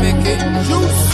they make it juice.